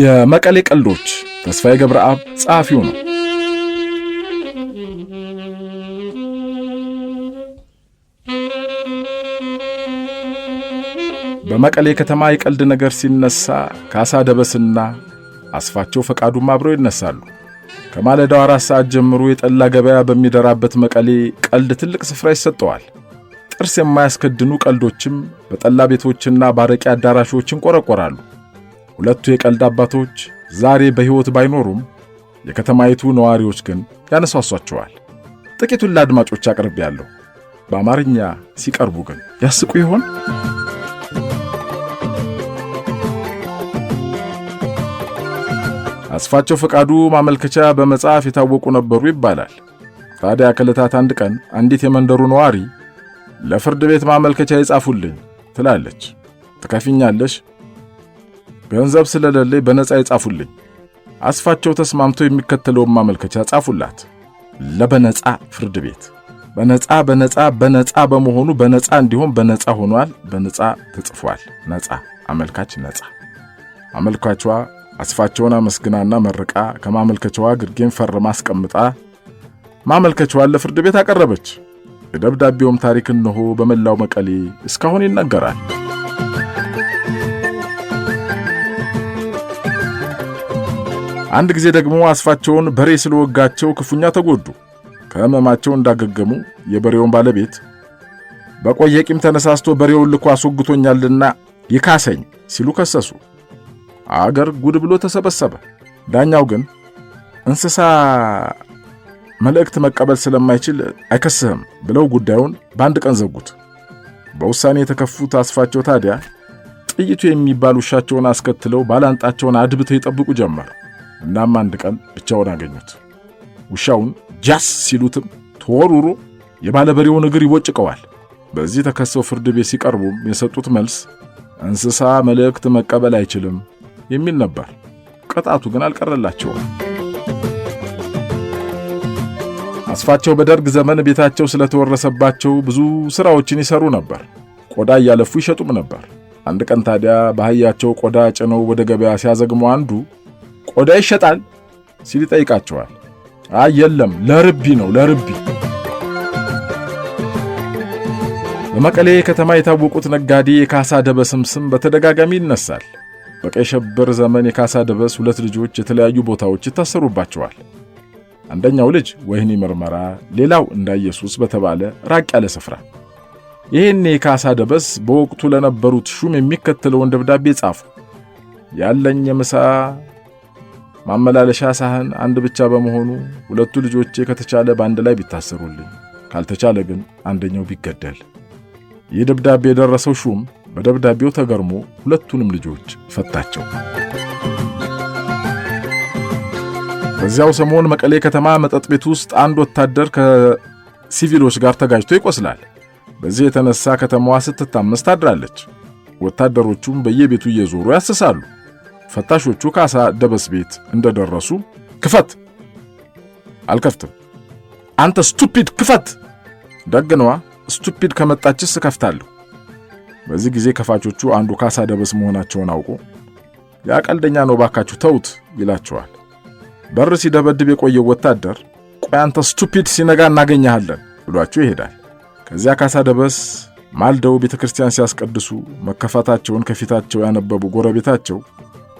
የመቀሌ ቀልዶች ተስፋዬ ገብረአብ ጸሐፊው ነው። በመቀሌ ከተማ የቀልድ ነገር ሲነሳ ካሳ ደበስና አስፋቸው ፈቃዱም አብረው ይነሳሉ። ከማለዳው አራት ሰዓት ጀምሮ የጠላ ገበያ በሚደራበት መቀሌ ቀልድ ትልቅ ስፍራ ይሰጠዋል። ጥርስ የማያስከድኑ ቀልዶችም በጠላ ቤቶችና ባረቂ አዳራሾች ይንቆረቆራሉ። ሁለቱ የቀልድ አባቶች ዛሬ በሕይወት ባይኖሩም የከተማይቱ ነዋሪዎች ግን ያነሳሷቸዋል። ጥቂቱን ለአድማጮች አቅርብ ያለው በአማርኛ ሲቀርቡ ግን ያስቁ ይሆን? አስፋቸው ፈቃዱ ማመልከቻ በመጻፍ የታወቁ ነበሩ ይባላል። ታዲያ ከዕለታት አንድ ቀን አንዲት የመንደሩ ነዋሪ ለፍርድ ቤት ማመልከቻ ይጻፉልኝ ትላለች። ትከፊኛለሽ ገንዘብ ስለሌለኝ በነፃ ይጻፉልኝ። አስፋቸው ተስማምቶ የሚከተለውን ማመልከቻ ጻፉላት። ለበነጻ ፍርድ ቤት በነፃ በነፃ በነፃ በመሆኑ በነፃ እንዲሆን በነፃ ሆኗል። በነፃ ተጽፏል። ነጻ አመልካች ነፃ። አመልካቿ አስፋቸውን አመስግናና መርቃ ከማመልከቻዋ ግርጌን ፈርማ አስቀምጣ ማመልከቻዋን ለፍርድ ቤት አቀረበች። የደብዳቤውም ታሪክ እነሆ በመላው መቀሌ እስካሁን ይነገራል። አንድ ጊዜ ደግሞ አስፋቸውን በሬ ስለወጋቸው ክፉኛ ተጎዱ። ከህመማቸው እንዳገገሙ የበሬውን ባለቤት በቆየ ቂም ተነሳስቶ በሬውን ልኮ አስወግቶኛልና ይካሰኝ ሲሉ ከሰሱ። አገር ጉድ ብሎ ተሰበሰበ። ዳኛው ግን እንስሳ መልእክት መቀበል ስለማይችል አይከስህም ብለው ጉዳዩን በአንድ ቀን ዘጉት። በውሳኔ የተከፉት አስፋቸው ታዲያ ጥይቱ የሚባል ውሻቸውን አስከትለው ባላንጣቸውን አድብተው ይጠብቁ ጀመር። እናም አንድ ቀን ብቻውን አገኙት። ውሻውን ጃስ ሲሉትም ተወርውሮ የባለበሬውን እግር ይቦጭቀዋል። በዚህ ተከሰው ፍርድ ቤት ሲቀርቡም የሰጡት መልስ እንስሳ መልእክት መቀበል አይችልም የሚል ነበር። ቅጣቱ ግን አልቀረላቸውም። አስፋቸው በደርግ ዘመን ቤታቸው ስለተወረሰባቸው ብዙ ስራዎችን ይሰሩ ነበር። ቆዳ እያለፉ ይሸጡም ነበር። አንድ ቀን ታዲያ በአህያቸው ቆዳ ጭነው ወደ ገበያ ሲያዘግሙ አንዱ ቆዳ ይሸጣል ሲል ይጠይቃቸዋል። አይ የለም ለርቢ ነው ለርቢ። በመቀሌ ከተማ የታወቁት ነጋዴ የካሳ ደበስም ስም በተደጋጋሚ ይነሳል። በቀይ ዘመን የካሳ ደበስ ሁለት ልጆች የተለያዩ ቦታዎች ይታሰሩባቸዋል። አንደኛው ልጅ ወህኒ ምርመራ፣ ሌላው እንዳ ኢየሱስ በተባለ ራቅ ያለ ስፍራ። ይህን የካሳ ደበስ በወቅቱ ለነበሩት ሹም የሚከተለውን ደብዳቤ ጻፉ። ያለኝ የምሳ ማመላለሻ ሳህን አንድ ብቻ በመሆኑ ሁለቱ ልጆቼ ከተቻለ በአንድ ላይ ቢታሰሩልኝ፣ ካልተቻለ ግን አንደኛው ቢገደል። ይህ ደብዳቤ የደረሰው ሹም በደብዳቤው ተገርሞ ሁለቱንም ልጆች ፈታቸው። በዚያው ሰሞን መቀሌ ከተማ መጠጥ ቤት ውስጥ አንድ ወታደር ከሲቪሎች ጋር ተጋጅቶ ይቆስላል። በዚህ የተነሳ ከተማዋ ስትታመስ ታድራለች። ወታደሮቹም በየቤቱ እየዞሩ ያስሳሉ። ፈታሾቹ ካሳ ደበስ ቤት እንደደረሱ ክፈት፣ አልከፍትም። አንተ ስቱፒድ ክፈት። ደግነዋ ስቱፒድ ከመጣችስ እከፍታለሁ። በዚህ ጊዜ ከፋቾቹ አንዱ ካሳ ደበስ መሆናቸውን አውቆ ያ ቀልደኛ ነው ባካችሁ ተውት ይላቸዋል። በር ሲደበድብ የቆየው ወታደር ቆይ አንተ ስቱፒድ ሲነጋ እናገኘሃለን ብሏቸው ይሄዳል። ከዚያ ካሳ ደበስ ማልደው ቤተ ክርስቲያን ሲያስቀድሱ መከፋታቸውን ከፊታቸው ያነበቡ ጎረቤታቸው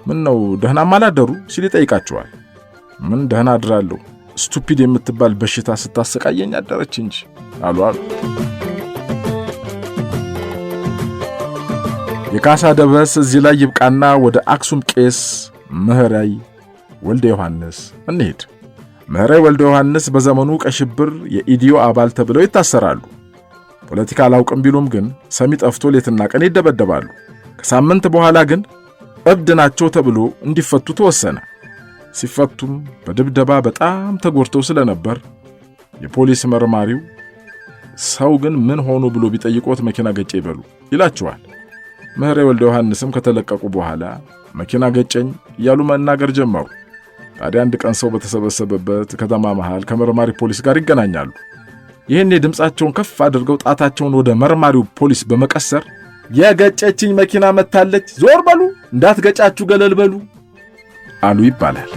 ምን ነው ደህና አላደሩ ሲል ይጠይቃቸዋል። ምን ደህና አድራለሁ ስቱፒድ የምትባል በሽታ ስታሰቃየኝ አደረች እንጂ አሉ አሉ። የካሳ ደበስ እዚህ ላይ ይብቃና ወደ አክሱም ቄስ ምህራይ ወልደ ዮሐንስ እንሄድ ምህራይ ወልደ ዮሐንስ በዘመኑ ቀሽብር የኢዲዮ አባል ተብለው ይታሰራሉ። ፖለቲካ አላውቅም ቢሉም ግን ሰሚ ጠፍቶ ሌትና ቀን ይደበደባሉ። ከሳምንት በኋላ ግን እብድ ናቸው ተብሎ እንዲፈቱ ተወሰነ። ሲፈቱም በድብደባ በጣም ተጎድተው ስለነበር የፖሊስ መርማሪው ሰው ግን ምን ሆኑ ብሎ ቢጠይቆት መኪና ገጨ ይበሉ ይላቸዋል። ምህሬ ወልደ ዮሐንስም ከተለቀቁ በኋላ መኪና ገጨኝ እያሉ መናገር ጀመሩ። ታዲያ አንድ ቀን ሰው በተሰበሰበበት ከተማ መሃል ከመርማሪ ፖሊስ ጋር ይገናኛሉ። ይህኔ ድምፃቸውን ከፍ አድርገው ጣታቸውን ወደ መርማሪው ፖሊስ በመቀሰር የገጨችኝ መኪና መታለች፣ ዞር በሉ እንዳትገጫችሁ ገለል በሉ አሉ ይባላል።